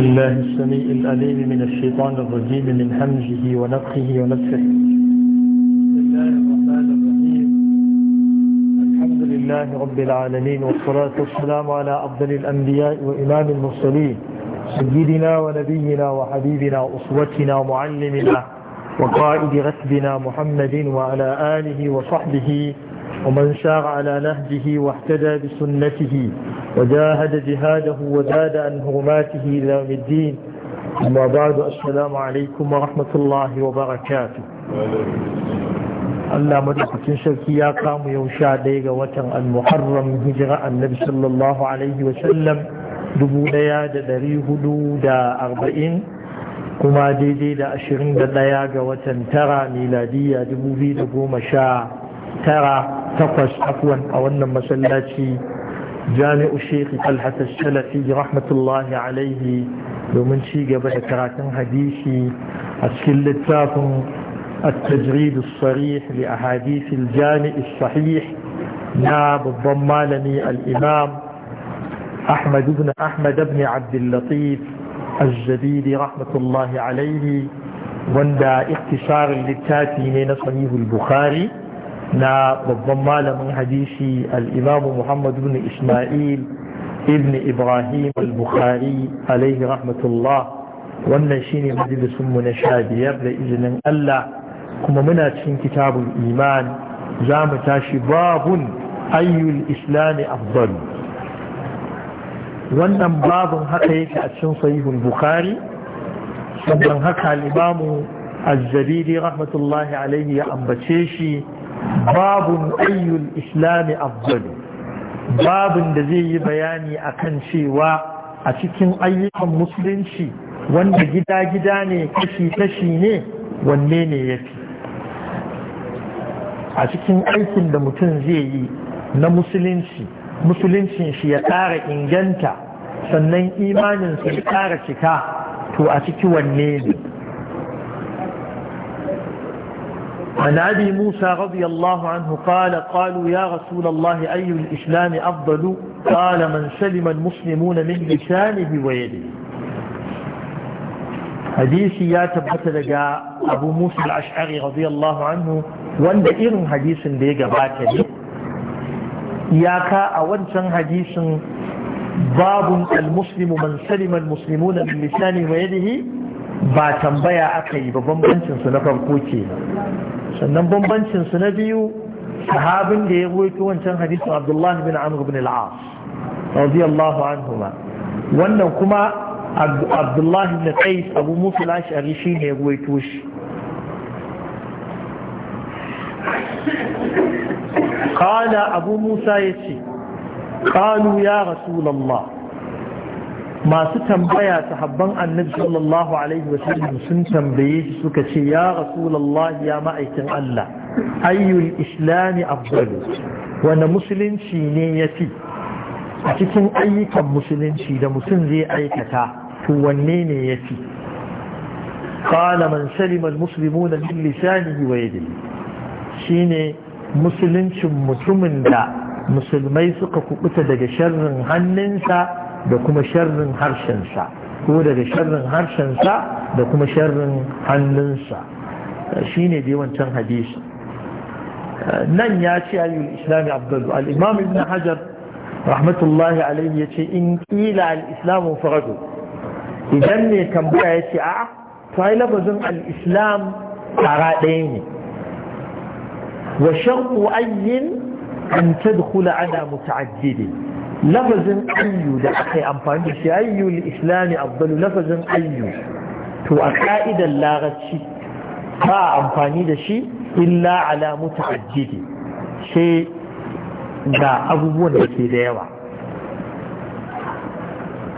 بالله السميع الأليم من الشيطان الرجيم من همجه ونفخه ونفخه بسم الله الرحمن الرحيم الحمد لله رب العالمين والصلاة والسلام على أفضل الأنبياء وإمام المرسلين سيدنا ونبينا وحبيبنا وأسوتنا ومعلمنا وقائد غتبنا محمد وعلى آله وصحبه ومن شاغ على نهجه واهتدى بسنته وجاهد jihada وزاد عن هرماته إلى يوم الدين أما بعد السلام عليكم Allah madaukakin sarki ya kamu yau sha ɗaya ga watan al-muharram hijira annabi sallallahu alaihi wa sallam dubu ɗaya da ɗari hudu da arba'in kuma daidai da ashirin da ɗaya ga watan tara miladiya dubu biyu da goma sha tara takwas afwan a wannan masallaci جامع الشيخ طلحة الشلفي رحمة الله عليه ومن شي قبل كراتن حديثي أسكل التافن التجريد الصريح لأحاديث الجامع الصحيح ناب الضمالني الإمام أحمد بن أحمد بن عبد اللطيف الجديد رحمة الله عليه وندا اختصار للتاتي من صنيه البخاري na babban malamin hadisi al'imamu Muhammad ibn Ismail ibn Ibrahim al-Bukhari alaihi rahmatullah wannan shine majalisunmu na sha biyar da izinin Allah kuma muna cikin kitabul iman za mu tashi babun ayyul islami afdal wannan babun haka yake a cikin sahihul bukhari sannan haka al-imamu az-zabidi rahmatullahi alaihi ya ambace shi babun ayyul islami afdalu babun da zai yi bayani a kan cewa a cikin ayyukan musulunci wanda gida-gida ne kashi-kashi ne wanne ne ya fi a cikin aikin da mutum zai yi na musulunci musuluncin shi ya ƙara inganta sannan imaninsa ya ƙara cika to a ciki wanne ne عن أبي موسى رضي الله عنه قال قالوا يا رسول الله أي الإسلام أفضل قال من سلم المسلمون من لسانه ويده حديث يا تبت لقى أبو موسى الأشعري رضي الله عنه وان إرم حديث ديقى باكد إياك أول سن حديث باب المسلم من سلم المسلمون من لسانه ويده ba tambaya aka yi ba bambancinsu na farko ke sannan bambancinsu na biyu sahabin da ya ruwaito wancan hadisin abdullahi bin amr bin al'as radiyallahu anhuma wannan kuma abdullahi bin qais abu musa al-ash'ari ne ya ruwaito shi قال abu musa ya ce يا ya rasulallah. masu tambaya sahabban annabi sallallahu alaihi sallam sun tambaye shi suka ce ya rasulullah ya ma'aikin Allah ayyul islami afdalu wani musulunci ne ya fi a cikin ayyukan musulunci da mutum zai aikata to wanne ne ya fi qala man salima almuslimuna min lisanihi wa yadihi shine musuluncin mutumin da musulmai suka kubuta daga sharrin hannunsa da kuma sharrin harshensa ko daga sharrin harshensa da kuma sharrin hannunsa shi ne da yawancin hadisi nan ya ce ayyul islami abdul al-imam ibn hajar rahmatullahi alaihi ya ce in kila al faradu idan ne tambaya ya ce a ta yi lafazin al-islam tara ɗaya ne wa sharku ayyin an tadkhula ala muta'addidin lafazin ayyu da aka yi amfani da shi ayyu islami abdalu lafazin ayyu to a ka'idar larabci ba amfani da shi illa ala muta'addidi sai ga abubuwan da ke da yawa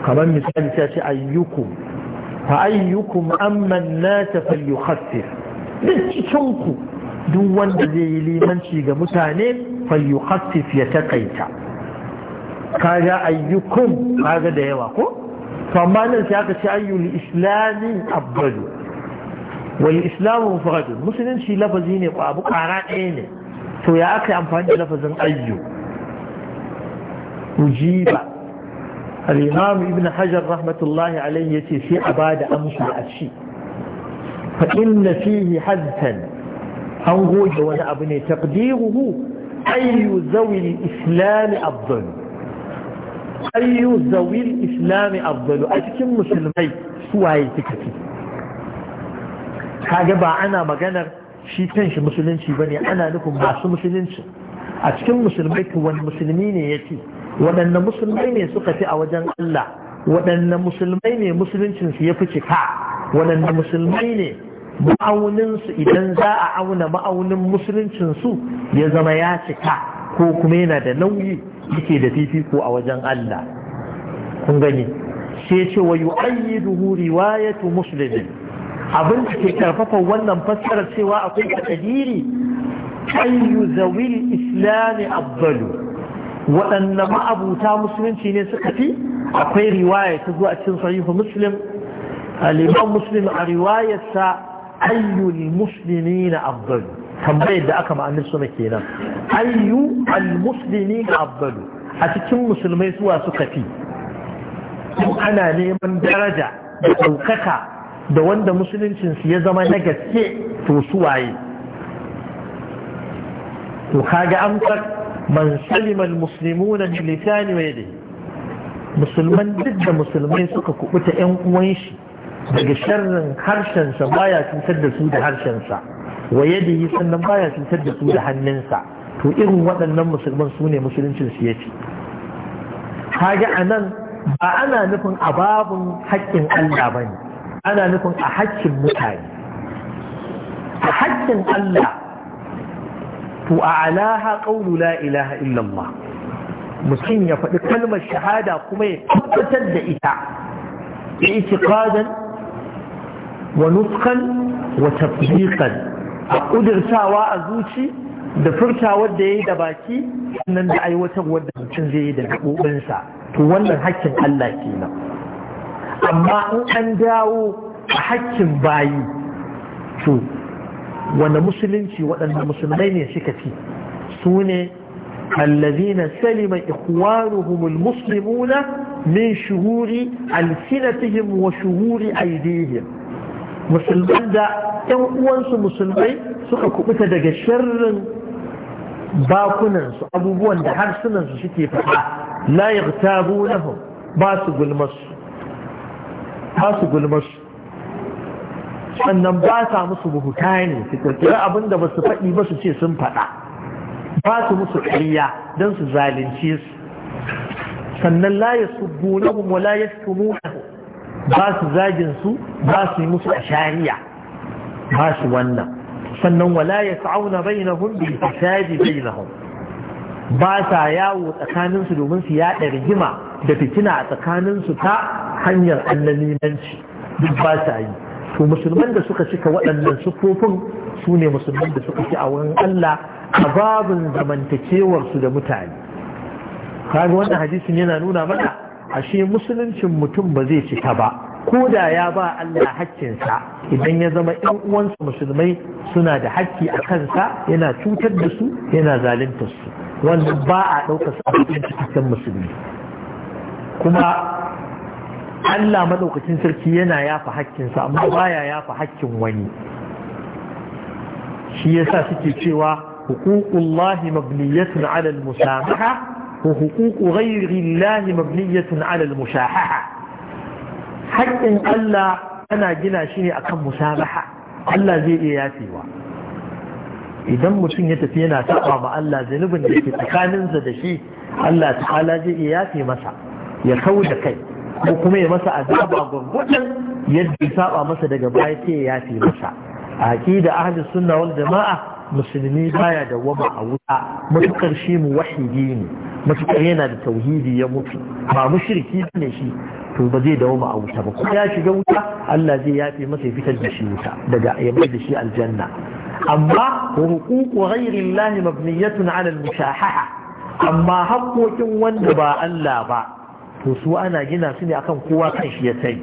kamar misali ta ce ayyukum fa ayyukum amman la tafalyukhaffif duk cikinku duk wanda zai yi limanci ga mutane falyukhaffif ya taƙaita. kaga ayyukum kaga da yawa ko amma nan sai aka ce ayyul islami abdalu wal islamu mufradun musulunci lafazi ne ko abu kara ɗaya ne to ya aka amfani da lafazin ayyu ujiba al-imam ibn hajar rahmatullahi alayhi yace sai a bada amsa a shi fa inna fihi haddan an goge wani abu ne taqdiruhu ayyu zawi al-islam afdal ayyu zawil islami afdalu a cikin musulmai suwaye kika fi kaga ba ana maganar shi shi musulunci bane ana nufin masu musulunci a cikin musulmai ku wani musulmi ne ce? waɗanne musulmai ne suka fi a wajen Allah waɗanne musulmai ne musuluncinsu ya fi cika waɗanne musulmai ne ma'auninsu idan za a auna ma'aunin su ya zama ya cika ko kuma yana da nauyi yake da fifiko a wajen Allah kun gani sai ce wa yu'ayyiduhu riwayatu muslimin abin da ke karfafa wannan fassarar cewa akwai takadiri ayyu zawil islami afdalu waɗanne ma'abuta musulunci ne suka fi akwai riwaya ta zuwa cikin sahihu muslim al-imam muslim a riwayarsa ayyul muslimina afdalu tambayar da aka ma'anar suna kenan ayyu al-muslimi abdalu a cikin musulmai suwa suka fi Ko ana neman daraja da ɗaukaka da wanda musuluncinsu ya zama na gaske to suwaye to kaga amsar man salima al-muslimuna min lisani wa yadihi musulman duk da musulmai suka kubuta yan uwan shi daga sharrin harshensa baya cutar da su da harshensa wa yi sannan baya cutar da su da hannunsa to irin waɗannan musulman su ne musuluncin su yace kaga anan ba ana nufin a babun haƙƙin Allah bane ana nufin a haƙƙin mutane a haƙƙin Allah to a alaha qawlu la ilaha illallah mutum ya faɗi kalmar shahada kuma ya tabbatar da ita ya itiqadan wa nutqan wa a ƙudurtawa a zuci da furtawar da ya yi da baki sannan da aiwatarwar da mutum zai yi da gaɓoɓinsa to wannan hakkin Allah nan. amma in an dawo a hakkin bayi to wanda musulunci waɗanda musulmai ne suka ci su ne الذين سلم إخوانهم المسلمون من شهور ألسنتهم وشهور أيديهم musulman da ‘yan uwansu musulmai suka kubuta daga sharrin bakunansu abubuwan da harsunansu suke fata la ya ta nahun ba su gulmarsu sannan ba sa musu buhuta ne su kirkira abin da ba su faɗi ba su ce sun faɗa ba su musu ƙarya don su zalunce su sannan la ya subbu nahun wa la ya ba su zagin su ba su yi musu ashariya ba su wannan sannan wala ya sa'auna bainahum bil fasadi bainahum ba sa yawo tsakanin su domin su yaɗa rigima da fitina a tsakanin su ta hanyar annalimanci duk ba sa yi to musulman da suka cika waɗannan sufofin su ne musulman da suka ci a wurin Allah a babin zamantakewarsu da mutane kaga wannan hadisin yana nuna mana ashe musuluncin mutum ba zai cika ba ko da ya ba Allah hakkinsa idan ya zama ɗan uwansa musulmai suna da hakki a kansa yana cutar da su yana zalunta su wannan ba a ɗaukar su a cikin musulmi kuma Allah madaukakin sarki yana yafa hakkinsa amma baya yafa hakkin wani shi yasa suke cewa huququllahi mabniyatun ala al-musamaha وحقوق غير الله مبنية على Allah ana gina shi ne akan أكم مسامحة ألا زي إيه ياتيوا idan mutum ya tafi yana taɓa ma Allah zunubin da ke tsakaninsa da shi Allah ta'ala zai iya yafe masa ya kau kai ko kuma ya masa azaba gurgurdan yadda ya saba masa daga baya sai ya yafe masa aqida ahlus sunna wal jamaa musulmi baya da wama a wuta matukar shi mu wahidi ne matukar yana da tauhidi ya mutu ba mushriki ne shi to ba zai dawo a wuta ba kuma ya shiga wuta Allah zai yafe masa ya fitar da shi wuta daga ya mai da shi aljanna amma huququ ghayri Allah mabniyatun ala al-mushahaha amma haƙoƙin wanda ba Allah ba to su ana gina su ne akan kowa kan shi ya sai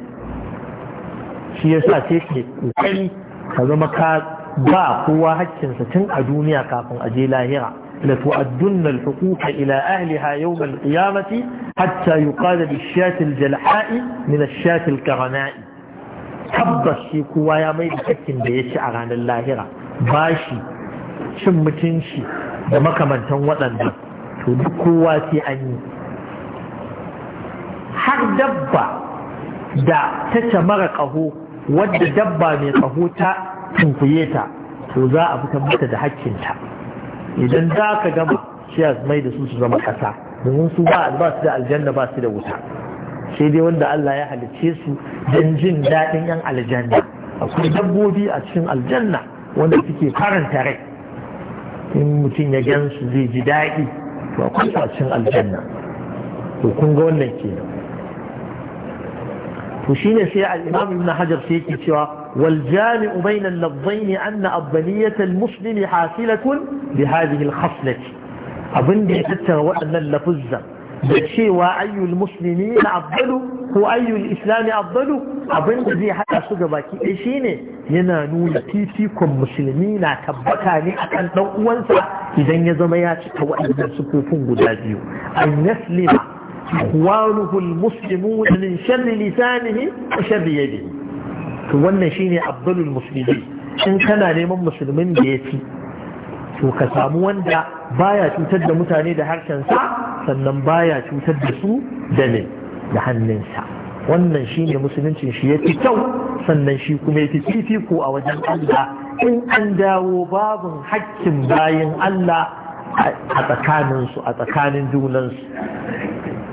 shi yasa sai ke kokari ka zama ka ba kowa hakkinsa tun a duniya kafin a je lahira la tu'addunna al ila ahliha yawm al-qiyamati hatta yuqala bish-shati al-jalha'i min ash-shati al-karana'i tabbas shi kowa ya mai da hakkin da ya ci a ranar lahira bashi cin mutunci da makamantan waɗanda to duk kowa sai an yi har dabba da ta mara ƙaho wadda dabba mai ƙaho ta tunkuye ta to za a fitar mata da hakkinta idan za ka gama shi a mai da su su zama kasa domin su ba su da aljanna ba su da wuta sai dai wanda Allah ya halicce su don jin daɗin 'yan aljanna akwai dabbobi a cikin aljanna wanda suke faranta rai in mutum ya gan su zai ji daɗi to akwai su a cikin aljanna to kun ga wannan kenan to shine sai al-imam ibn hajar sai yake cewa والجامع بين اللفظين أن أبنية المسلم حاصلة بهذه الخصلة أظن حتى وأن اللفظة بشيء وأي المسلمين أفضلوا هو أي الإسلام أفضلوا أظن بذي حتى إيه ينا نولي ينانو يتيتيكم مسلمين أتبكاني أكان نوعوانسا إذا يزميات توأيب سكوفون قدازيو أن نسلم أخوانه المسلمون من شر لسانه وشر يده to wannan shine abdulul musulmi in kana neman musulmin da ya fi to ka samu wanda baya cutar da mutane da harshensa sannan baya cutar da su da ne da hannunsa wannan shine musuluncin shi ya fi kyau sannan shi kuma ya fi fifiko a wajen Allah in an dawo babin hakkin bayin Allah a tsakaninsu a tsakanin junansu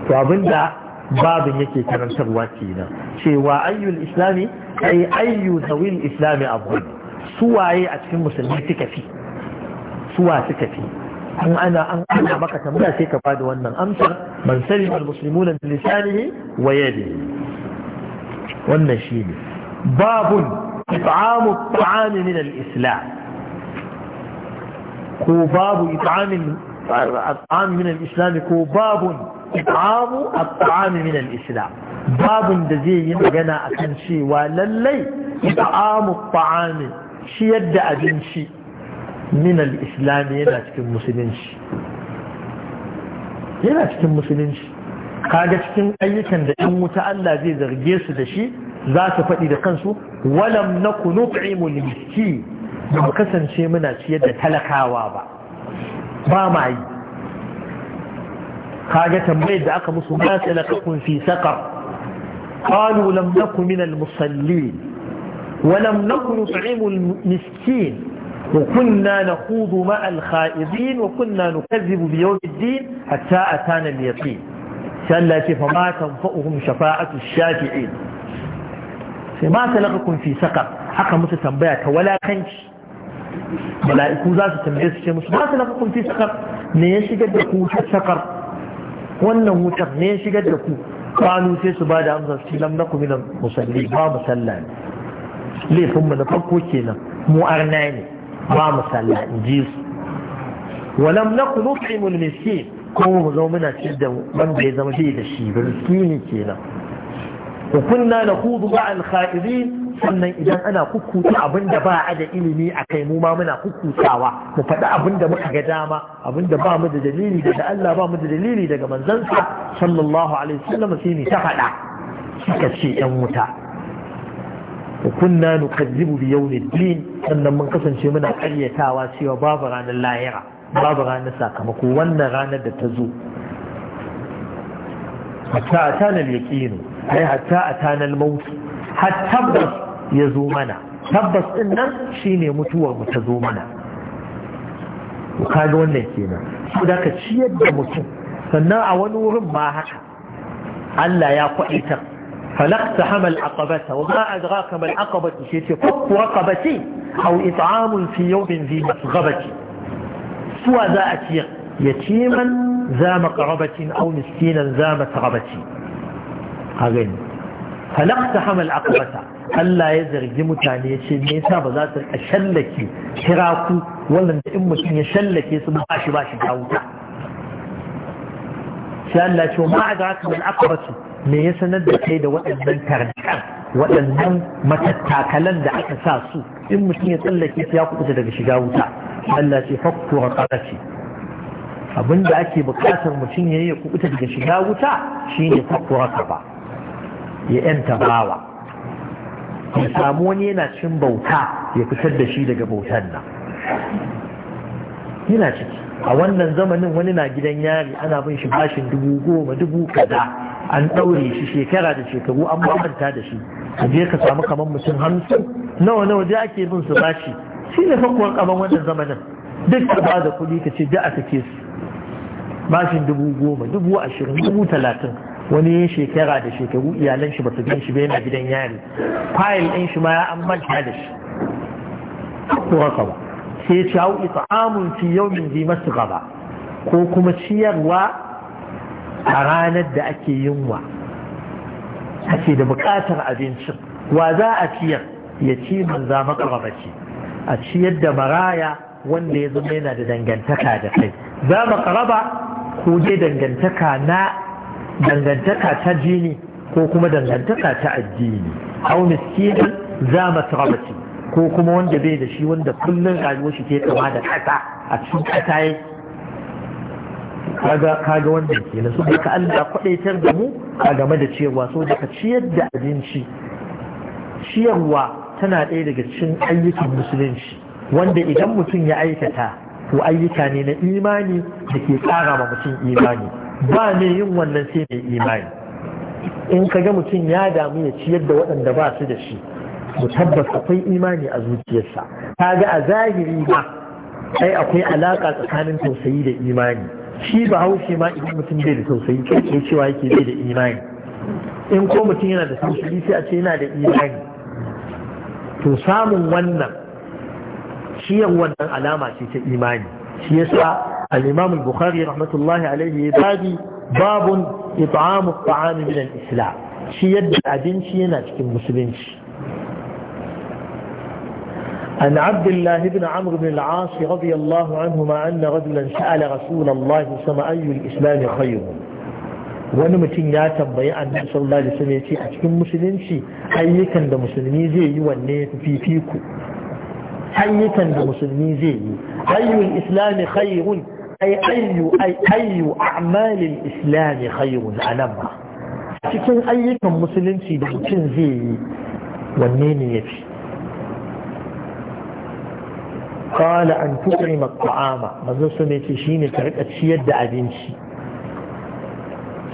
to abinda باب يكي كنن تغواتينا شوى أي الإسلام أي أي ذوي الإسلام أظن سوى أي أتفين مسلمين تكفي سوى تكفي أن أنا أن أنا بك تمنى تيك بعد وأن من أمسر من سلم المسلمون بلسانه ويده والنشيد باب إطعام الطعام من الإسلام كو باب إطعام الطعام من الإسلام كو باب it'amu at'ami min al-islam babin da zai yi magana akan cewa lallai it'amu at'ami shi yadda abinci min islam yana cikin musulunci yana cikin musulunci kaga cikin ayyukan da ɗan wuta Allah zai zarge su da shi za su faɗi da kansu walam na kunu ƙimu miski ba mu kasance muna ciyar da talakawa ba ba ma yi حاجة بعد أقى مصمات إلى قطن في سقر قالوا لم نكن من المصلين ولم نكن نطعم المسكين وكنا نخوض مع الخائضين وكنا نكذب بيوم الدين حتى أتانا اليقين سألا فما تنفؤهم شفاعة الشافعين فما تلقكم في سقر حقا متتنبيك ولا كنش ملائكوزات ذات تنبيس الشمس ما تلقكم في سقر نيشي قد يكون سقر wannan wutar ne shigar da ku kwanu sai su ba da amsar su lam naku minal musalli ba musalla ne laifinmu na farko kenan mu arna ne ba musalla in ji su walam naku nut'imul miskin ko mu zo muna ci da wanda ya zama bai da shi ba miskini kenan wa kunna nakhudu ma'al kha'idin sannan idan ana kukkuta abin da ba a da ilimi a kai mu ma muna kukkutawa mu faɗi abin da muka ga dama abin da ba mu da dalili daga Allah ba mu da dalili daga manzansa sallallahu alaihi wasallam sai ni ta faɗa suka ce yan wuta wa kunna nukazzibu bi yawmiddin sannan mun kasance muna ƙaryatawa cewa babu ranar lahira babu ranar sakamako wannan ranar da ta zo hatta atana al-yaqin ai hatta atana al-maut hatta ya zo mana tabbas ɗin nan shine mutuwar mu ta zo mana kaga wannan kenan su da ka ciyar da mutum sannan a wani wurin ma haka Allah ya kwaita falakta hamal aqabata wa ma adraka mal aqabatu shi ce fakku raqabati aw it'amun fi yawmin zi masghabati suwa za a ciyar yatiman za maqrabatin aw miskinan za masghabati a gani falakta hamal akabata Allah ya zargi mutane ya ce me yasa ba za su rika shallake kiraku wannan in mutum ya shallake su ba shi ba shi wuta sai Allah ce ma ga haka mal akabatu me ya sanar da kai da waɗannan tarjikan waɗannan matattakalan da aka sa su in mutum ya tsallake su ya kuɓuta daga shiga wuta Allah ce fakku ƙarashi, abinda ake bukatar mutum ya yi ya kuɓuta daga shiga wuta shine fakku raqaba ya yanta bawa ya samu wani yana cin bauta ya fitar da shi daga bautan nan yana ciki a wannan zamanin wani na gidan yari ana bin shi bashin dubu goma dubu kaza an ɗaure shi shekara da shekaru an bambanta da shi a je ka samu kamar mutum hamsin nawa nawa da ake bin su bashi shi ne fakuwar kamar wannan zamanin duk ka ba da kuɗi ka ce da a sake su bashin dubu goma dubu ashirin dubu talatin wani yin shekara da shekaru iyalan shi ba su gan shi ba yana gidan yari fayil ɗin shi ma ya an manta da shi ko haka ba sai ci hau ita'amun fi yawmin zi masu gaba ko kuma ciyarwa a ranar da ake yunwa ake da buƙatar abincin wa za a ciyar ya ci manza makarabaci a ciyar da maraya wanda ya zama yana da dangantaka da kai za makaraba ko dai dangantaka na dangantaka ta jini ko kuma dangantaka ta addini hau miskinan za masrabaci ko kuma wanda bai da shi wanda kullum rayuwar shi ke kama da kasa a cikin kasa yake kaga kaga wannan kenan su ka Allah kwadaitar da mu a game da ciyarwa, so da ka ciyar da abinci ciyarwa tana ɗaya daga cikin ayyukan musulunci wanda idan mutum ya aikata ko ayyuka ne na imani da ke ƙara ma mutum imani ba ne yin wannan sai mai imani in ka ga mutum ya damu ya ciyar da waɗanda ba su da shi mu tabbas akwai imani a zuciyarsa ta ga a zahiri ba ai akwai alaƙa tsakanin tausayi da imani shi ba haushe ma idan mutum bai da tausayi kai ke cewa yake bai da imani in ko mutum yana da tausayi sai a ce yana da imani to samun wannan shi wannan alama ce ta imani shi yasa الإمام البخاري رحمة الله عليه بادي باب إطعام الطعام من الإسلام شي يد أدين شي ناجك المسلمين عن عبد الله بن عمرو بن العاص رضي الله عنهما أن رجلا سأل رسول الله سمع أي الإسلام خير wani mutum ya tambayi annabi sallallahu alaihi wasallam yace a cikin musulunci ayyukan da musulmi zai yi wanne fifiku ayyukan da musulmi zai yi ayyul islami khairun ai ayyu ai ayyu a'malil islam khayrun A cikin ayyukan musulunci da mutum zai yi wanne ne yafi قال أن تطعم الطعام manzon su ne ce shine ka rika ciyar da abinci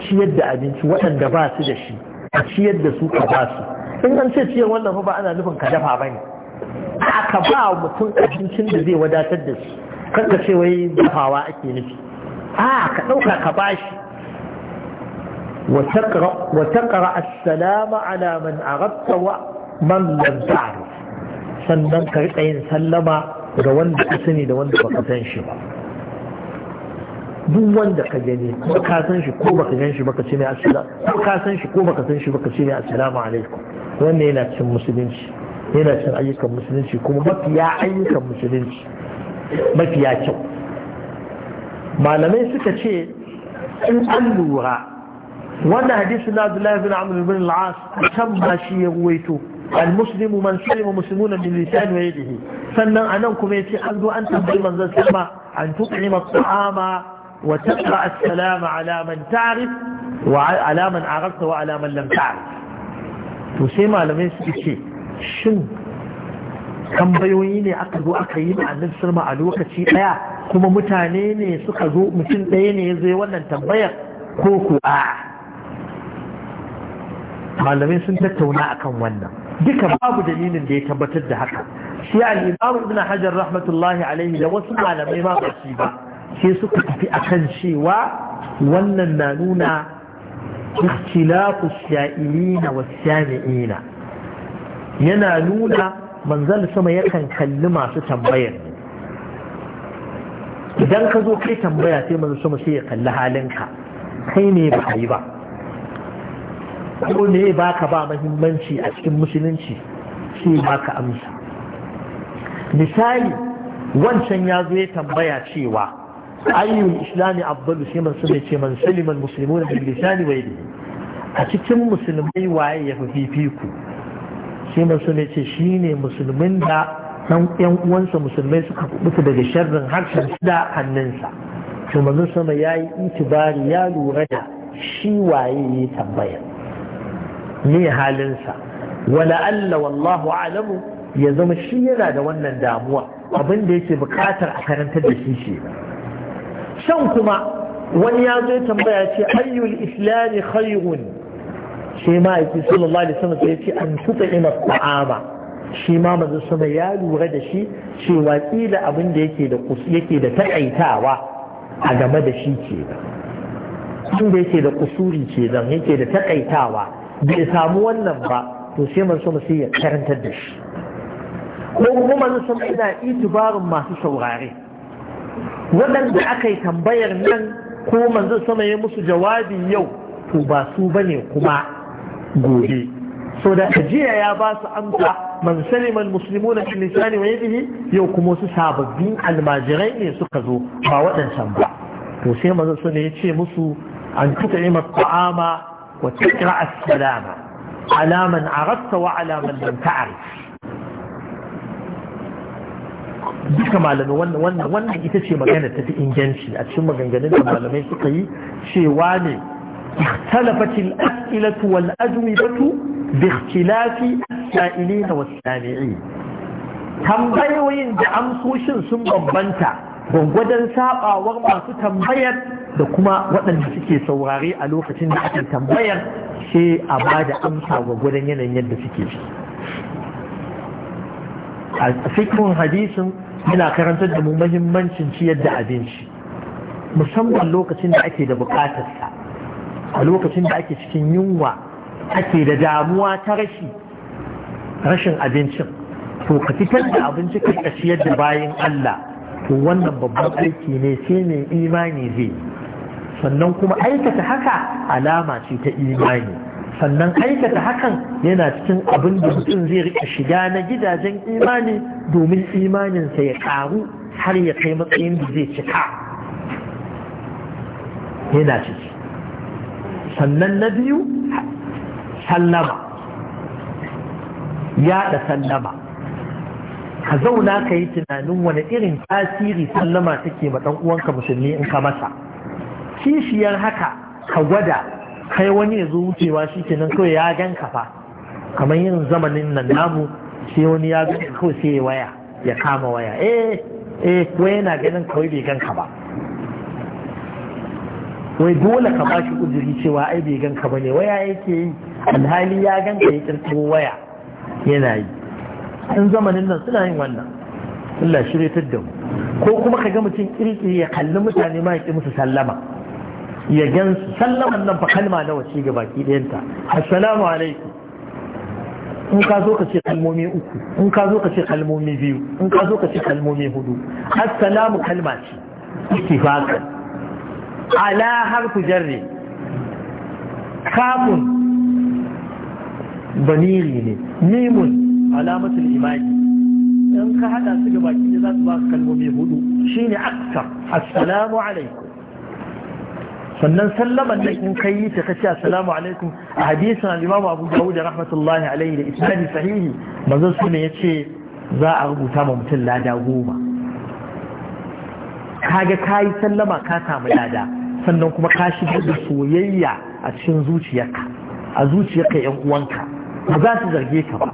ciyar da abinci waɗanda ba su da shi a ciyar da su ka ba su in an ce ciyar wannan ba ana nufin ka dafa bane aka ba mutum abincin da zai wadatar da shi kanka ce wai dafawa ake nufi a ka ɗauka ka bashi وتقرأ السلام على من أردت wa man تعرف sannan ka riƙa yin sallama ga wanda ka sani da wanda baka san shi ba duk wanda ka gani ko ka san shi ko baka gan shi baka ce assalamu ko ka san shi ko baka san shi baka ce ne assalamu alaikum wannan yana cin musulunci yana cin ayyukan musulunci kuma mafiya ayyukan musulunci mafiya kyau malamai suka ce in an lura wannan hadisi na Abdullahi bin Amr bin al-As can ba shi ya ruwaito al-muslimu man salima muslimuna min lisani wa yadihi sannan anan kuma yace an zo an tambayi manzon sallama an tuqima at-ta'ama wa taqra as-salama ala man ta'rif wa ala man arafta wa ala man lam ta'rif to sai malamai suka ce shin tambayoyi ne aka zo aka yi ma annabi sallama a lokaci daya kuma mutane ne suka zo mutum ɗaya ne ya zo wannan tambayar ko ku a malamai sun tattauna akan wannan duka babu dalilin da ya tabbatar da haka shi al-imam ibn hajar rahmatullahi alaihi da wasu malamai ma ba shi ba sai suka tafi akan cewa wannan na nuna ikhtilafu sha'ilina was yana nuna manzal sama yakan kalli masu tambayar idan ka zo kai tambaya sai manzal sama sai ya kalli halinka kai ne ba a yi ba ko ne ba ka ba mahimmanci a cikin musulunci sai ba ka amsa misali wancan ya zo ya tambaya cewa ayyul islami abdullu sai man ce man saliman muslimuna bil lisani wa a cikin musulmai waye ya fi fifiku shi masu ne ce shi ne musulmin da ɗan ƴan uwansa musulmai suka kubuta daga sharrin harshen su da hannunsa to manzon sama ya yi itibari ya lura da shi waye ya tambaya ne halinsa wala alla wallahu alamu ya zama shi yana da wannan damuwa abin da yake bukatar a karantar da shi shi shan kuma wani ya zo tambaya ce ayyul islami khayrun shi ma yake sallallahu alaihi wasallam sai an tuta ina ta'ama shi ma manzo sama ya lura da shi cewa kila abin da yake da yake da takaitawa a game da shi ke tun da yake da kusuri ke nan yake da takaitawa bai samu wannan ba to sai manzo sama sai ya karantar da shi ko kuma manzo sama yana itibarin masu saurare waɗanda aka yi tambayar nan ko manzo sama ya musu jawabi yau to ba su bane kuma gobe so da ajiya ya ba su amsa man saliman muslimuna min lisani wa yadihi yau kuma wasu sababbin almajirai ne suka zo ba waɗancan ba to sai manzo su ne ya ce musu an tuta'ima ta'ama wa taqra as-salama ala man arafta wa ala man lam ta'rif duka malamai wannan wannan wannan ita ce magana ta fi inganci a cikin maganganun da malamai suka yi cewa ne اختلفت الأسئلة والأجوبة باختلاف السائلين والسامعين tambayoyin da amsoshin sun bambanta gwangwadon sabawar masu tambayar da kuma waɗanda suke saurare a lokacin da ake tambayar sai a ba da amsa gwangwadon yanayin yadda suke shi a cikin hadisin yana karantar da mu mahimmancin ciyar da abinci musamman lokacin da ake da buƙatarsa a lokacin da ake cikin yunwa ake da damuwa ta rashi rashin abincin to ka fitar da abinci ka ciyar da bayan Allah to wannan babban aiki ne sai mai imani zai sannan kuma aikata haka alama ce ta imani sannan aikata hakan yana cikin abin da mutum zai rika shiga na gidajen imani domin imaninsa ya karu har ya kai matsayin da zai cika yana ciki sannan na biyu sallama yaɗa sallama ka zauna ka yi tunanin wani irin tasiri sallama take ma ɗan uwanka musulmi in ka masa kishiyar haka ka gwada kai wani ya zo wucewa shi kenan kawai ya gan fa. kamar yin zamanin nan namu sai wani ya gan kawai sai ya waya ya kama waya eh eh wai yana ganin kawai bai ganka ba wai dole ka ba shi kujiri cewa ai bai ganka bane waya yake yi alhali ya ganka ya kirkiro waya yana yi in zamanin nan suna yin wannan Allah retar da mu ko kuma ka ga mutum kirkiri ya kalli mutane ma ya ki musu sallama ya gan sallaman nan fa kalma nawa wace ga baki ɗayanta assalamu alaikum in ka zo ka ce kalmomi uku in ka zo ka ce kalmomi biyu in ka zo ka ce kalmomi hudu assalamu kalma ce ittifaqan ala harfu jarri kafun baniri ne mimun alamatul imani in ka hada su gaba ne za su ba su kalmomi hudu shine aktar assalamu alaikum sannan sallaman ne in kai yi ta kace assalamu alaikum a hadisin al-Imam Abu Dawud rahmatullahi alaihi da isnadi sahihi manzo su yace za a rubuta ma mutum lada goma kaga kai sallama ka samu lada sannan kuma ka shigar da soyayya a cikin zuciyarka a zuciyarka yan uwanka ba za su zarge ka ba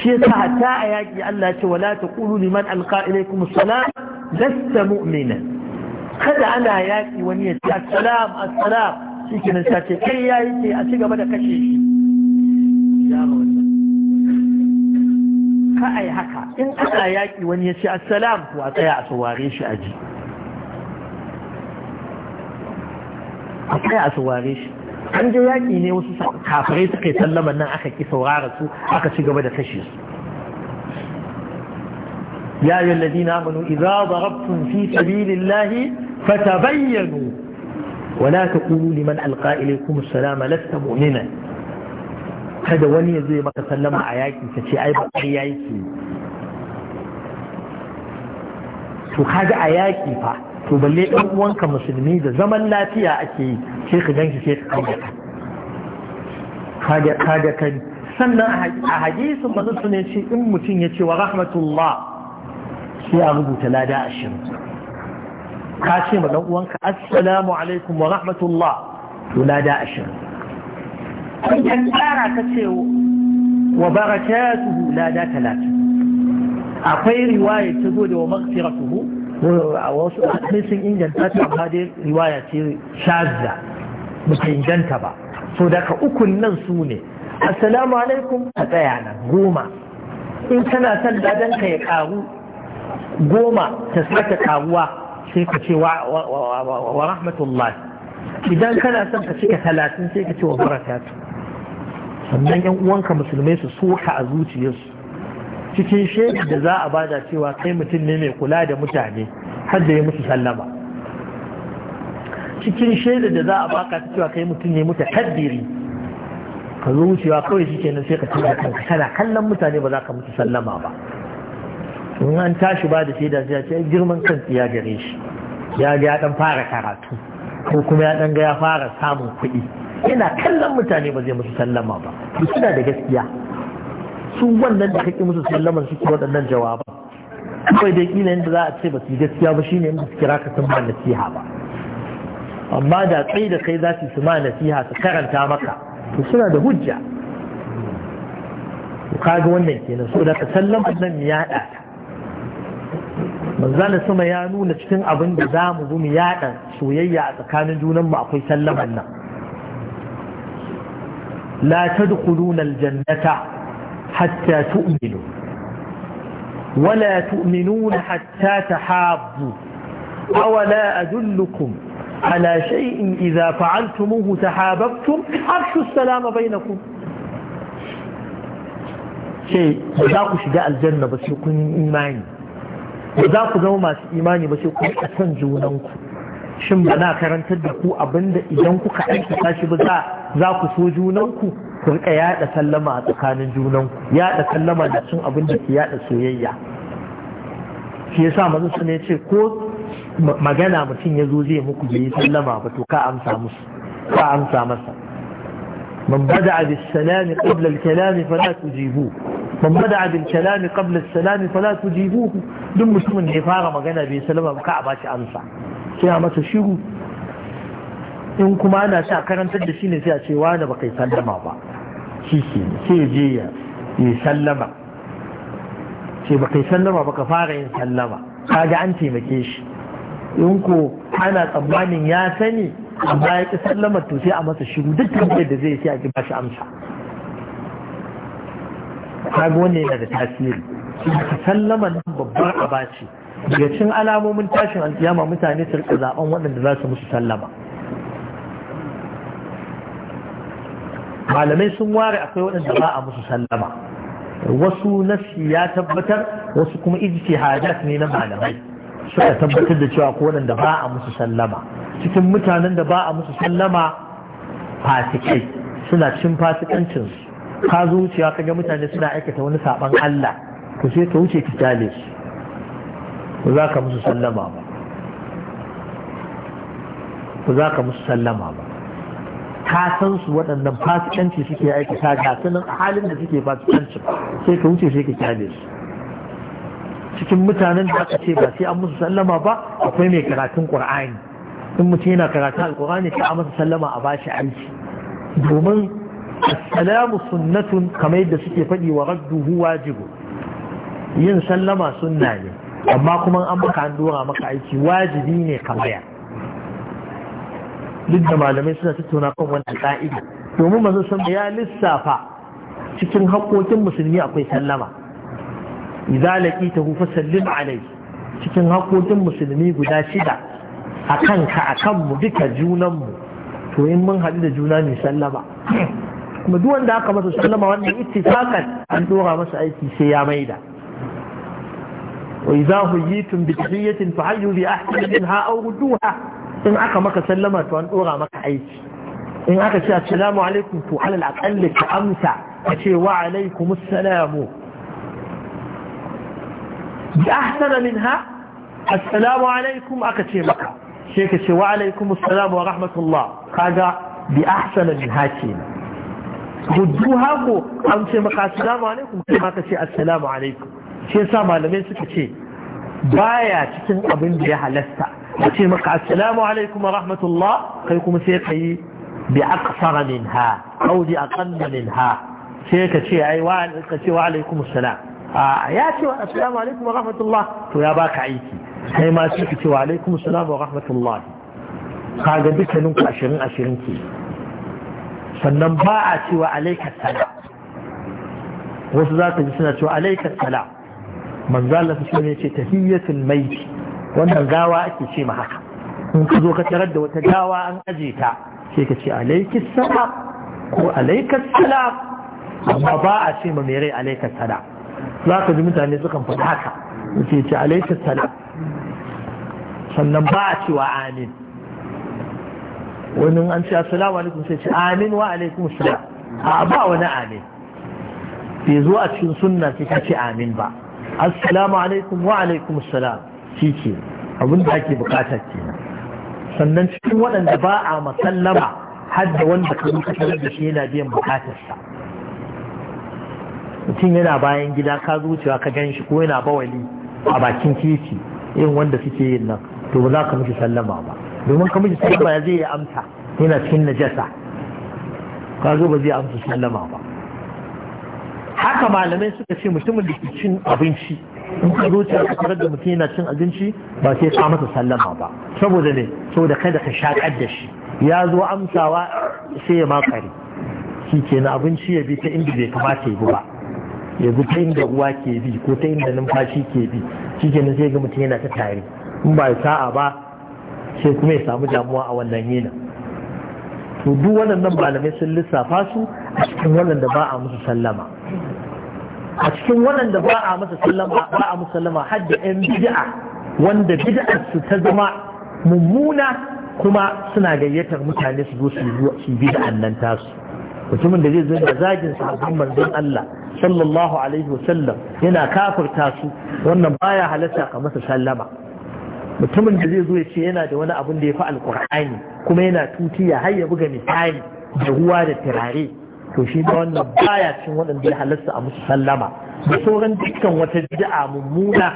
shi yasa hatta a yaki Allah ce wala taqulu liman alqa ilaykum assalam lasta mu'mina kada ana yaki wani ya ce assalam assalam shi kenan ta ce kai yayi ce a ci gaba da kashe shi ka ai haka in ana yaki wani ya ce assalam to a tsaya a saurare shi aji a kai a saurare shi an ji yaƙi ne wasu kafirai suka yi sallaman nan aka ki saurara su aka ci gaba da kashe su ya yi wallazi na amunu iza ba rabtun fi sabilin lahi fa ta bayyanu wala ta kulu liman alƙa'ile kuma salama lasta mu'mina kada wani ya zai maka sallama a yaƙi ka ce ai ba a yaƙi to kaga a yaƙi fa to balle ɗan uwanka musulmi da zaman lafiya ake yi sai ka ganshi sai ka kaga kaga kai sannan a hadisin manzo sune ce in mutum ya ce wa rahmatullah sai a rubuta lada ashirin ka ce ma ɗan uwanka assalamu alaikum wa rahmatullah to lada ashirin kan tsara ka ce wa barakatuhu lada talatin akwai riwaya ta zo da wa maghfiratuhu a wasu ɗaɗai sun inganta ta amma dai riwaya ce shazza ba ta inganta ba so daga ukun nan su ne assalamu alaikum a tsaya nan goma in kana son ladan ka ya karu goma ta sake karuwa sai ka ce wa rahmatullahi idan kana son ka cika talatin sai ka ce wa barakatu sannan yan uwanka musulmai su soka a zuciyarsu cikin shaidar da za a bada cewa kai mutum ne mai kula da mutane har da ya musu sallama cikin shaidar da za a baka ta cewa kai mutum ne mutu kaddiri ka zo wucewa kawai shi kenan sai ka tura kanka kana kallon mutane ba za ka musu sallama ba in an tashi ba da shaida sai ce girman kan ya gare shi ya ga ya dan fara karatu ko kuma ya dan ga ya fara samun kuɗi yana kallon mutane ba zai musu sallama ba suna da gaskiya su wannan da kake musu lamar suke waɗannan jawaban kawai dai kila yadda za a ce ba su gaskiya ba shine in su kira ka sun ba nasiha ba amma da tsaye da kai za su ma nasiha su karanta maka to suna da hujja kaga wannan kenan so da ka nan ya ɗata manzana sama ya nuna cikin abin da za mu mu yaɗa soyayya a tsakanin junanmu akwai sallaman nan la tadkhuluna aljannata حتى تؤمنوا ولا تؤمنون حتى تحابوا أولا أدلكم على شيء إذا فعلتموه تحاببتم أرشوا السلام بينكم شيء بذاكو شجاء الجنة بس يكون إيماني بذاكو دوما إيماني بس يكون أسن جونانكم shin ba na karantar da ku abinda idan kuka aikata ku rika yada sallama a tsakanin junan yada sallama da cin abin da ke yada soyayya shi yasa manzo sun ya ce ko magana mutum ya zo zai muku yi sallama ba to ka amsa musu ka amsa masa man bada'a bis salami qabla al kalami fala tujibu man bada'a bil kalami qabla al salami fala tujibu duk mutumin da ya fara magana bai sallama ba ka a bashi amsa sai a masa shiru in kuma ana sa karantar da shi ne sai a ce wani ba kai sallama ba shi sai je ya yi sallama ce ba yi sallama ba ka fara yin sallama kaga an taimake shi in ko ana tsammanin ya sani amma ya ki sallama to sai a masa shiru duk tambayar da zai sai a ki ba shi amsa kaga wannan yana da tasiri ka sallama nan babbar abaci daga cin alamomin tashin alkiyama mutane su rika zaɓen waɗanda za su musu sallama malamai sun ware akwai waɗanda ba a musu sallama wasu nasi ya tabbatar wasu kuma ijtihadat ne na malamai suka tabbatar da cewa ko waɗanda ba a musu sallama cikin mutanen da ba a musu sallama fasikai suna cin fasikancin su ka zo wucewa kaga mutane suna aikata wani saban Allah to sai ka wuce ki su ku za ka musu sallama ba ku za ka musu sallama ba ka san su waɗannan fasikanci suke aikata ga sanin halin da suke fasikanci sai ka wuce sai ka kyale su cikin mutanen da aka ce ba sai an musu sallama ba akwai mai karatun qur'ani in mutum yana karatun alqur'ani sai a masa sallama a bashi aiki domin assalamu sunnatun kamar yadda suke faɗi wa radduhu wajibu yin sallama sunna ne amma kuma an maka an dora maka aiki wajibi ne kamar duk da malamai suna tattauna kan wannan ka'ida domin manzo sun ya lissafa cikin haƙoƙin musulmi akwai sallama idza laqitahu fa sallim alayhi cikin haƙoƙin musulmi guda shida a kanka a mu duka mu, to in mun haɗu da juna mai sallama kuma duk wanda aka masa sallama wannan ittifaqan an dora masa aiki sai ya maida wa idza huyitum bi tahiyyatin fa hayyu bi ahsani minha aw rudduha in aka maka sallama to an dora maka aiki in aka ce assalamu alaikum to alal aqalli ka amsa ka ce wa alaikum assalamu bi ahsana minha assalamu alaikum aka ce maka sai ka ce wa alaikum assalamu wa rahmatullah kaga bi ahsana minha kenan hujjuha ko an ce maka assalamu alaikum sai ma ka ce assalamu alaikum shi sa malamai suka ce baya cikin abin da ya halasta a ce maka assalamu alaikum wa rahmatullah kai kuma sai ka yi bi aqsara minha aw bi aqalla minha sai ka ce ai wa ka ce wa alaikum assalam ya ce wa assalamu alaikum wa rahmatullah to ya baka aiki kai ma sai ka ce wa alaikum assalam wa rahmatullah kaga dukkanin ku ashirin 20 ke sannan ba a cewa alaika salam wasu za ka ji suna cewa alaika salam manzo Allah su ne ce tahiyyatul maiti wannan gawa ake ce ma haka in ka zo ka tarar da wata gawa an aje ta sai ka ce alaikis salam ko alaikas salam amma ba a ce ma mai rai alaikas salam za ka ji mutane sukan faɗa haka sai ce alaikas salam sannan ba a cewa amin wani an ce assalamu alaikum sai ce amin wa alaikum salam a ba wani amin bai zo a cikin sunna sai ka ce amin ba assalamu alaikum wa alaikum salam shi ke abin ake bukata ke sannan cikin waɗanda ba a masallama har da wanda ka lokacin da shi yana biyan bukatarsa mutum yana bayan gida ka zuciya ka gan shi ko yana bawali a bakin titi irin wanda suke yin nan to ba za ka miki sallama ba domin ka miki sallama zai yi amsa yana cikin najasa ka zo ba zai amsa sallama ba haka malamai suka ce mutumin da ke cin abinci in ka zo ta tarar da mutum yana cin abinci ba sai ka masa sallama ba saboda ne saboda kada ka shaƙar da shi ya zo amsawa sai ya makare shi ke na abinci ya bi ta inda bai kamata ya bi ba ya bi ta inda ruwa ke bi ko ta inda numfashi ke bi shi ke sai ga mutum yana ta tare in ba ya sa'a ba sai kuma ya samu damuwa a wannan yana to duk waɗannan malamai sun lissafa su a cikin waɗanda ba a musu sallama a cikin waɗanda ba a masa sallama ba a musallama har yan bid'a wanda bid'ar su ta zama mummuna kuma suna gayyatar mutane su zo su yi bid'an nan tasu mutumin da zai zo da zagin sa manzon Allah sallallahu alaihi wasallam yana kafirta su wannan baya halatta ka masa sallama mutumin da zai zo ya ce yana da wani abin da ya fi alkur'ani kuma yana tutiya har ya buga misali da ruwa da tirare. to shi ba wannan baya cin waɗanda ya halasta a musu sallama da sauran dukkan wata bid'a mummuna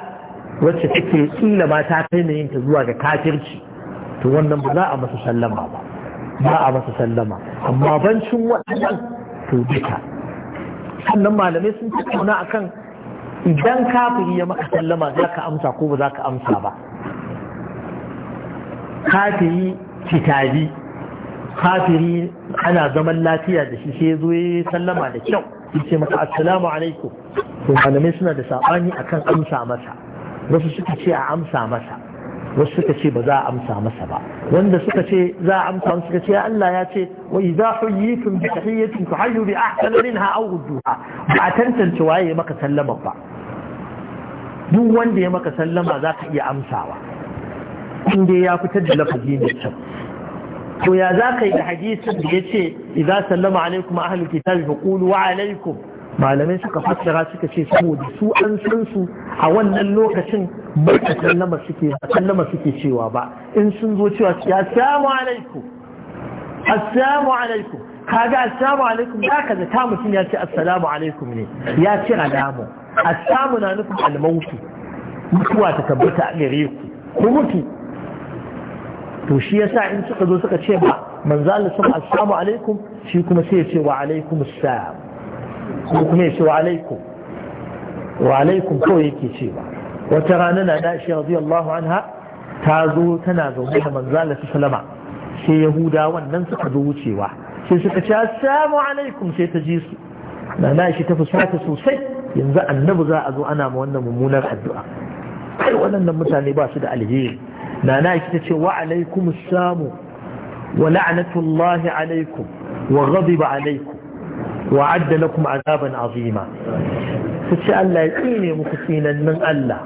wacce take kila ma ta kai na yinta zuwa ga kafirci to wannan ba za a masa sallama ba ba a masa sallama amma bancin waɗannan to duka sannan malamai sun tattauna akan idan kafiri ya maka sallama za ka amsa ko ba za ka amsa ba kafiri kitabi kafiri ana zaman lafiya da shi sai zo ya sallama da kyau ya ce maka, assalamu alaikum to malamai suna da sabani akan amsa masa wasu suka ce a amsa masa wasu suka ce ba za a amsa masa ba wanda suka ce za a amsa masa suka ce Allah ya ce wa idza huyitum bi tahiyyatin tuhayyu bi ahsani minha aw rudduha ba a tantance waye ya maka sallama ba duk wanda ya maka sallama za ka iya amsawa in dai ya fitar da lafazi mai kyau to ya za ka yi da hadisin da ya ce idza sallama alaikum ahlul kitabi fa qulu wa alaikum malamai suka fassara suka ce saboda su an san su a wannan lokacin bai ta sallama suke sallama suke cewa ba in sun zo cewa ya assalamu alaikum assalamu alaikum kaga assalamu alaikum za ka zata mutum ya ce assalamu alaikum ne ya ce alamu assalamu na nufin almautu mutuwa ta tabbata a gare ku ku mutu to shi yasa in suka zo suka ce ba manzo Allah sun assalamu alaikum shi kuma sai ya ce wa alaikum assalam ko kuma ya ce wa alaikum wa alaikum yake cewa wata rana na da shi radiyallahu anha ta zo tana zaune da manzo Allah sallama sai yahuda wannan suka zo wucewa sai suka ce assalamu alaikum sai ta ji su na na shi ta fusata sosai yanzu annabi za a zo ana ma wannan mummunar addu'a kai waɗannan mutane ba su da alheri na na ta ce wa alaikum samu wa la'anatullahi alaikum wa ghadiba alaikum wa adda kuma azaban azima su ce Allah ya tsine muku tsinannin Allah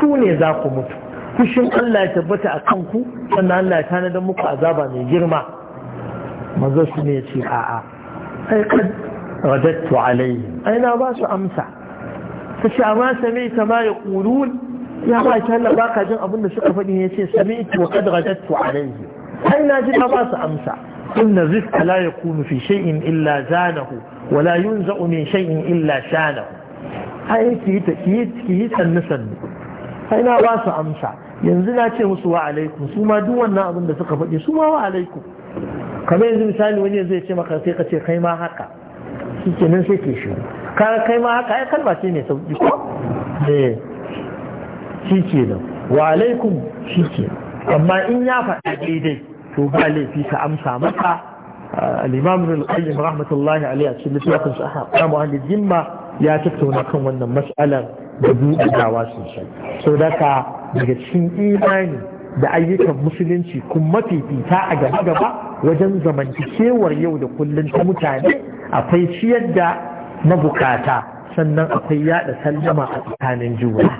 ku ne za ku mutu fushin Allah ya tabbata a kanku sannan Allah ya tanadar muku azaba mai girma manzo su ne ce a'a ai kad radattu alai ai na ba su amsa su ce amma sami ta ma ya ya ba ki Allah ba ka jin abin da suka faɗi ya ce sami'tu wa qad ghadattu alayhi ai na ji na ba su amsa inna rizqa la yakunu fi shay'in illa zanahu wa la yunza'u min shay'in illa shanahu ai ki ta ki ki sannu sannu ai na ba su amsa yanzu na ce musu wa alaikum su ma duk wannan abin da suka faɗi su ma wa alaikum kamar yanzu misali wani zai ce maka sai ka ce kai ma haka shi kenan sai ke shi ka kai ma haka ai kalma ce mai sauki ko eh shi ke nan wa alaikum shi ke amma in ya faɗa daidai to ba laifi ka amsa maka al-imam al-qayyim rahmatullahi alayhi a cikin littafin sa ahkamu ahli jimma ya tattauna kan wannan mas'alar da buɗaɗawa sosai so daga daga cikin imani da ayyukan musulunci mafi mafifita a gaba gaba wajen zamantakewar yau da kullum ta mutane akwai ciyar da mabukata sannan akwai yada sallama a tsakanin juna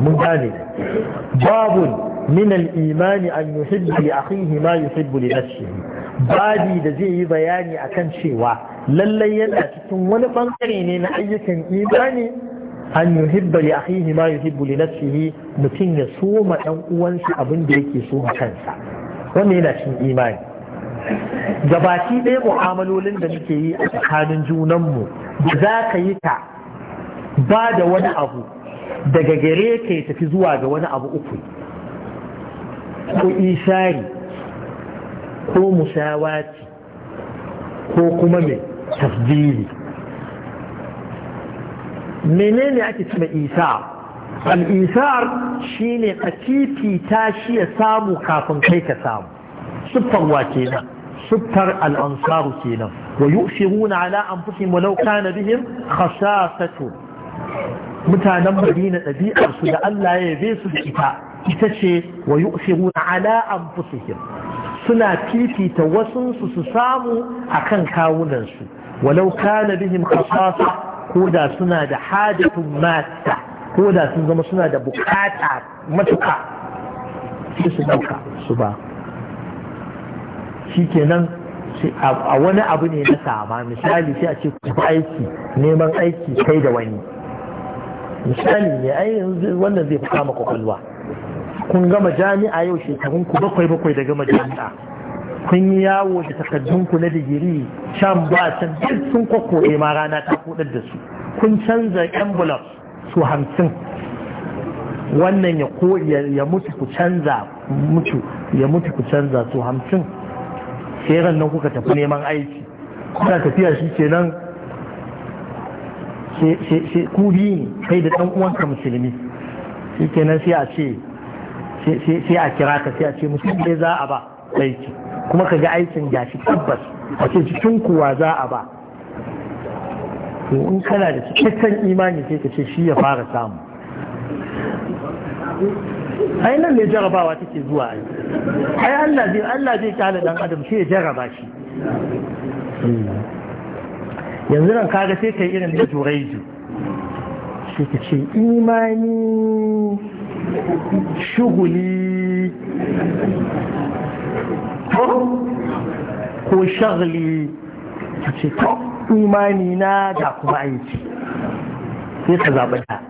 mun gane babun minan imani an yuhibbu li akhihi ma yuhibbu li nafsihi babi da zai yi bayani akan cewa lallai yana cikin wani bangare ne na ayyukan imani an yuhibba li akhihi ma yuhibbu li nafsihi mutum ya soma dan uwansa abin da yake so kansa wannan yana cikin imani gabaki ɗaya mu'amalolin da muke yi a tsakanin junanmu da za ka yi ta ba da wani abu daga gare ka ya tafi zuwa ga wani abu uku ko Isari, ko musawati ko kuma mai tafdili menene ake cima isa al'isar shi ne a ta shi ya samu kafin kai ka samu siffar wa kenan siffar al'ansaru kenan wa yu'shiruna ala anfusihim walau na bihin khasasatu mutanen madina ɗabi'ar su da Allah ya yabe su da ita ita ce wa yu'thiruna ala anfusihim suna fifita wasunsu su samu akan kawunansu walau kana bihim khasasa ko da suna da hajatun mata ko da sun zama suna da bukata matuka sai su dauka su ba shikenan a wani abu ne na sama misali sai a ce ku aiki neman aiki kai da wani misali ne yanzu wannan zai fi kama kwakwalwa kun gama jami'a yau shekarun ku bakwai bakwai da gama jami'a kun yi yawo da takardun ku na digiri can ba can duk sun a ma rana ta kudar da su kun canza envelope su hamsin wannan ya ko ya mutu ku canza mutu ya mutu ku canza su hamsin sai ran nan kuka tafi neman aiki kuna tafiya shi kenan sai ku biyu ne kai da ɗan uwanka musulmi shi kenan sai a ce sai a kira ka sai a ce musulmi dai za a ba aiki kuma ka ga aikin shi tabbas a ce cikin kuwa za a ba to in kana da cikakken imani sai ka ce shi ya fara samu ai nan ne jarabawa take zuwa ai ai Allah zai Allah zai kyale dan adam sai ya jaraba shi hmm. yanzu nan kaga sai ka irin da juraiju sai ka ce imani shuguli ko shagli ka ce imani na da kuma aiki sai ka zaɓi ta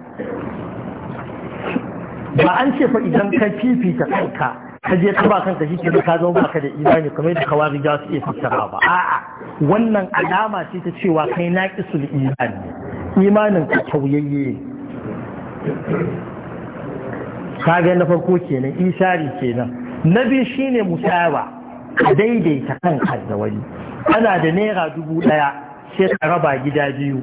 ba an ce fa idan ka fifita kanka ka je ka ba kanka shi ke ka zama ka da imani kamar da kawari za su iya fassara ba a'a wannan alama ce ta cewa kai na kisul imani imanin ka tauyayye kaga na farko kenan isari kenan na biyu shine musawa ka daidaita kanka da wani ana da naira dubu daya sai ka raba gida biyu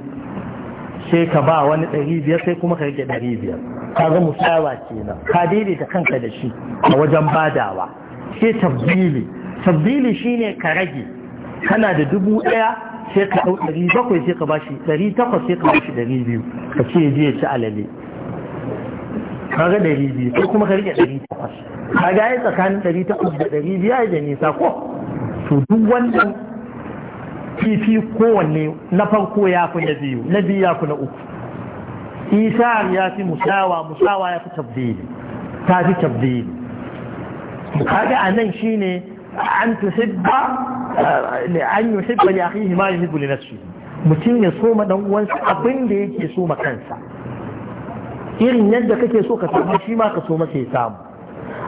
sai ka ba wani ɗari biyar sai kuma ka rage ɗari biyar kaga musawa kenan ka daidaita kanka da shi a wajen badawa sai tabbili tabbili shine ka rage kana da dubu ɗaya sai ka ɗau ɗari bakwai sai ka bashi ɗari takwas sai ka bashi ɗari biyu ka ce je ya ci alale kaga ɗari biyu sai kuma ka rike ɗari takwas ga yi tsakanin ɗari takwas da ɗari biyu ya da nisa ko to duk wannan kifi kowanne na farko ya fi na biyu na biyu ya fi na uku إيسان ياتي مساوى مساوى ياتي تبديل تاتي تبديل هذا أن ينشيني أن تحب أن يسب لأخيه ما يحب لنفسه متين يصوم دون أبن ديك يصوم كنسا إن يدك يسوك تبديل ما كصوم سيسام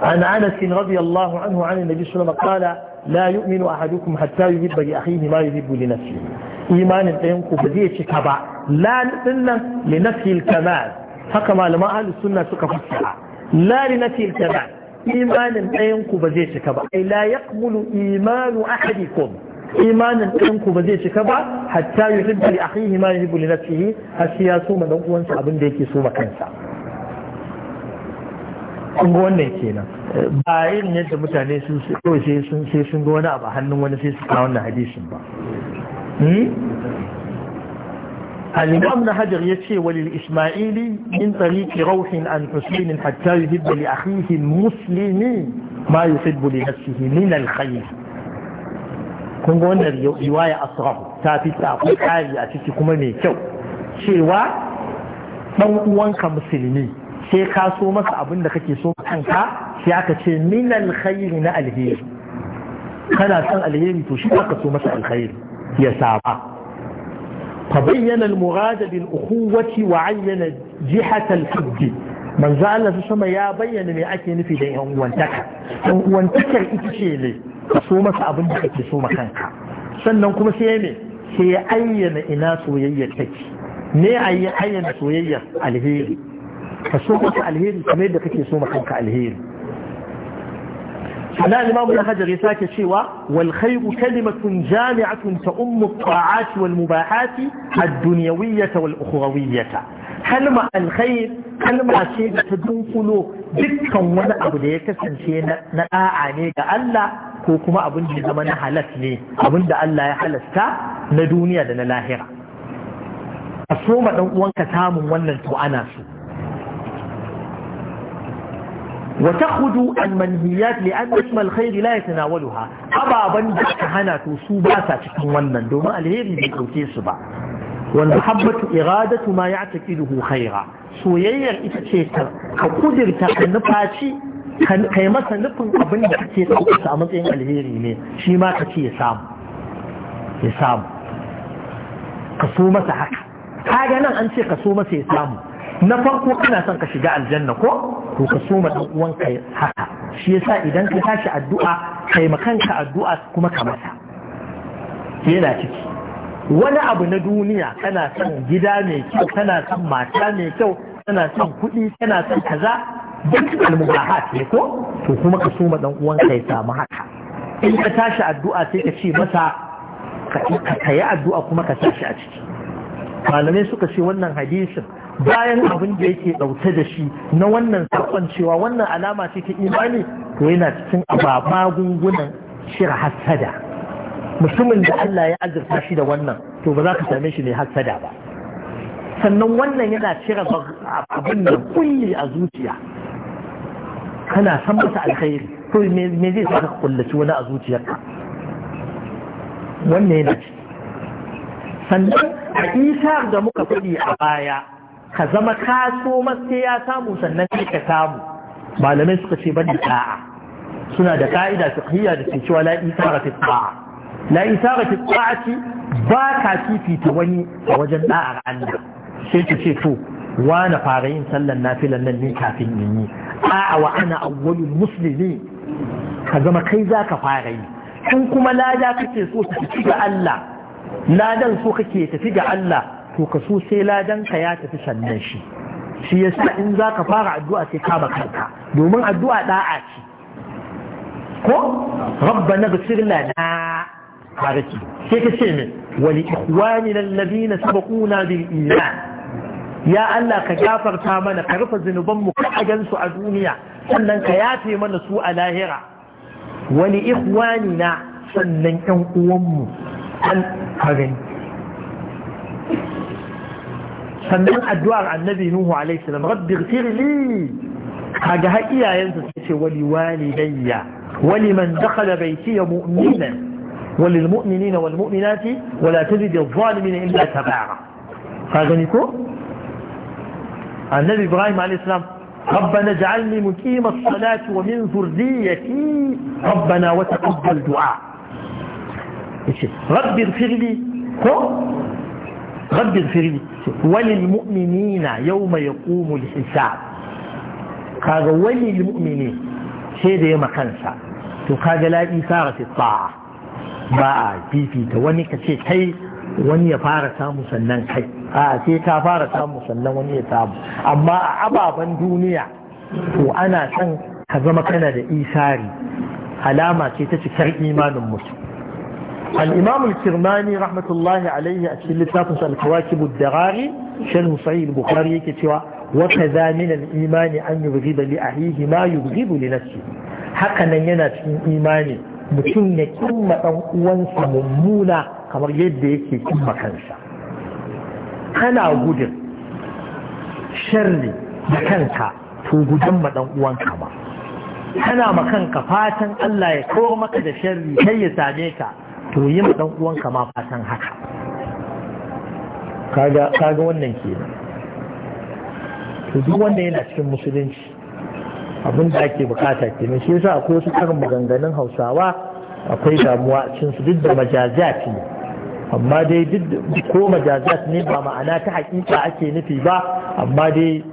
عن أنس رضي الله عنه عن النبي صلى الله عليه وسلم قال لا يؤمن أحدكم حتى يحب لأخيه ما يحب لنفسه imanin ɗayan ku ba zai cika ba la din nan li nafil kamal haka malaman ahli sunna suka fassara la li nafil kamal imanin ɗayan ku ba zai cika ba ai la yaqbulu imanu ahadikum imanin ɗayan ba zai cika ba hatta yuhibbu li akhihi ma yuhibbu li nafsihi har sai ya so ma dan uwansa abin da yake so ma kansa kun ga wannan kenan ba irin yadda mutane sun sai sun ga wani abu hannun wani sai su kawo wannan hadisin ba الإمام نهجر يتشي وللإسماعيلي من طريق روح عن حسين حتى يحب لأخيه المسلم ما يحب لنفسه من الخير kun ga wannan riwaya asrahu ta fi ta akwai a ciki kuma mai kyau cewa dan uwanka musulmi sai ka so masa abin da kake so kanka sai aka ce min alkhairi na alheri kana son alheri to shi aka so masa alkhairi ya saba ka bayyana muradabin murad wa ayyana jihat al-hajj manzo sama ya bayyana me ake nufi da yan uwantaka yan uwantakar ita ce ne ka so abin da kake so kanka sannan kuma sai me sai ya ayyana ina soyayya take ne ayyana soyayya alheri ka so masa alheri kamar da kake so kanka alheri Ana imamu na hajar ya sake cewa wal kalimatun jami'atun ta ummu ta'ati wal mubahati ad-dunyawiyyata wal ukhrawiyyata kalma alkhair kalma ce da ta dunkulo dukkan wani abu da ya kasance na da'a ne ga Allah ko kuma abin da ya zama na halas ne abin da Allah ya halasta na duniya da na lahira a soma dan uwanka samun wannan to ana so Wata وتخذوا المنهيات لان اسم الخير لا يتناولها ابابن دا كهنا تو سو باسا cikin wannan domin alheri bai dauke su ba wal mahabbatu iradatu ma ya'taqiduhu khaira soyayya ita ce ta ka kudirta ka nufaci ka yi masa nufin abin da kake dauke a matsayin alheri ne shi ma ka ya samu ya masa haka kaga nan an ce ka so masa ya samu na farko kana son ka shiga aljanna ko to ka soma dan uwanka haka shi yasa idan ka tashi addu'a kai makanka addu'a kuma ka masa yana ciki wani abu na duniya kana son gida mai kyau kana son mata mai kyau kana son kuɗi kana son kaza duk almubahat ne ko to kuma ka soma dan uwanka ya samu haka in ka tashi addu'a sai ka ce masa ka yi addu'a kuma ka tashi a ciki malamai suka ce wannan hadisin bayan abin da yake ɗauke da shi na wannan saƙon cewa wannan alama ce ta imani to yana cikin ababa gungunan shir hassada mutumin da Allah ya azurta shi da wannan to ba za ka same shi mai hassada ba sannan wannan yana cire abin da kulli a zuciya kana san masa alkhairi to me zai saka kullaci wani a zuciyarka wannan yana ci sannan a isar da muka fadi a baya ka zama ka ya samu sannan ne ka samu malamai suka ce ban da ta'a suna da ka'ida fiqhiyya da ke cewa la fi ta'a ba ka fifita wani a wajen ɗa'ar Allah sai ta ce to wa na fara yin sallan nafilan nan ne kafin yin yi a'a wa ana awwalul muslimi ka zama kai za ka fara yi in kuma lada kake so ta tafi ga Allah ladan so kake tafi ga Allah to ka so sai ladanka ya tafi sannan shi shi sa in za ka fara addu'a sai ka ba kanka domin addu'a ɗa'a ce ko rabbana ghfir na haraki sai ka ce min wali ikhwanina alladhina sabaquna bil iman ya Allah ka gafarta mana ka rufe zunuban mu ka gansu a duniya sannan ka yafe mana su a lahira Wani ikwani na sannan ƴan uwanmu an kagani sannan addu'ar annabi nuhu alaihi salam rabbi ghfir li kaga har iyayensa sai ce wali walidayya wali man dakhala baytiya mu'mina وللمؤمنين والمؤمنات ولا تجد الظالمين إلا تبعا فاغنكو النبي إبراهيم عليه السلام ربنا اجعلني مقيم الصلاة ومن ذريتي ربنا وتقبل دعاء رب اغفر لي rabbi firli walil mu'minina yau mai al-hisab kaga walil mu'mini sai da yama kansa to kaga la isara fi ta'a ba a fifita wani ka ce kai wani ya fara samu sannan kai a sai ka fara samu sannan wani ya samu amma a ababen duniya to ana son ka zama kana da isari alama ce ta cikar imanin mutum الإمام الكرماني رحمة الله عليه أشكل لتافس الكواكب الدراري شرح صحيح البخاري كتوى وكذا من الإيمان أن يبغض لأخيه ما يبغض لنفسه hakanan ينا في imani mutum ya kimma ɗan uwansa mummuna kamar yadda yake kimma kansa kana gudun sharri da kanka to gudun ma ɗan uwanka ba kana ma kanka fatan Allah ya kawar maka da sharri kai ya same ka to yi ma dan uwanka ma fatan haka kaga wannan wannan kenan to duk wanda yana cikin musulunci abin da ake bukata kenan shi yasa akwai wasu karin maganganun Hausawa akwai damuwa cin su duk da majajati amma dai duk ko majaziyat ne ba ma'ana ta hakika ake nufi ba amma dai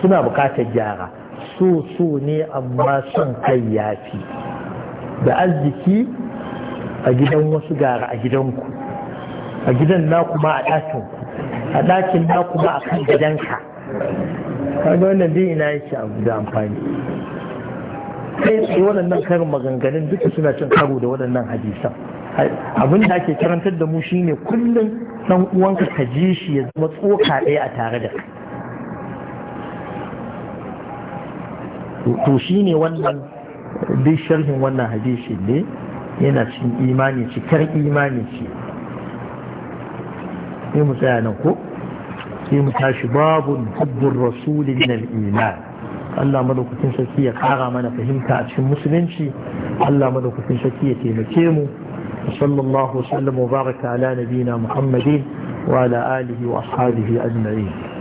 suna bukatar gyara so so ne amma son kai yafi da arziki a gidan wasu gara a gidanku a gidan na kuma a ɗakin a ɗakin na kuma a kan gidanka kaga wannan dai ina yake abu da amfani kai tsaye waɗannan karin maganganun duka suna cin karo da waɗannan hadisan abin da ake karantar da mu shine kullum ɗan uwanka ka ji shi ya zama tsoka ɗaya a tare da to shine wannan duk sharhin wannan hadisi ne yana cikin imani cikar imani ce sai mu tsaya nan ko sai mu tashi babun hubbun rasulin nan iman Allah madaukakin sarki ya kara mana fahimta a cikin musulunci Allah madaukakin sarki ya taimake mu صلى الله وسلم وبارك muhammadin wa محمد وعلى آله وأصحابه أجمعين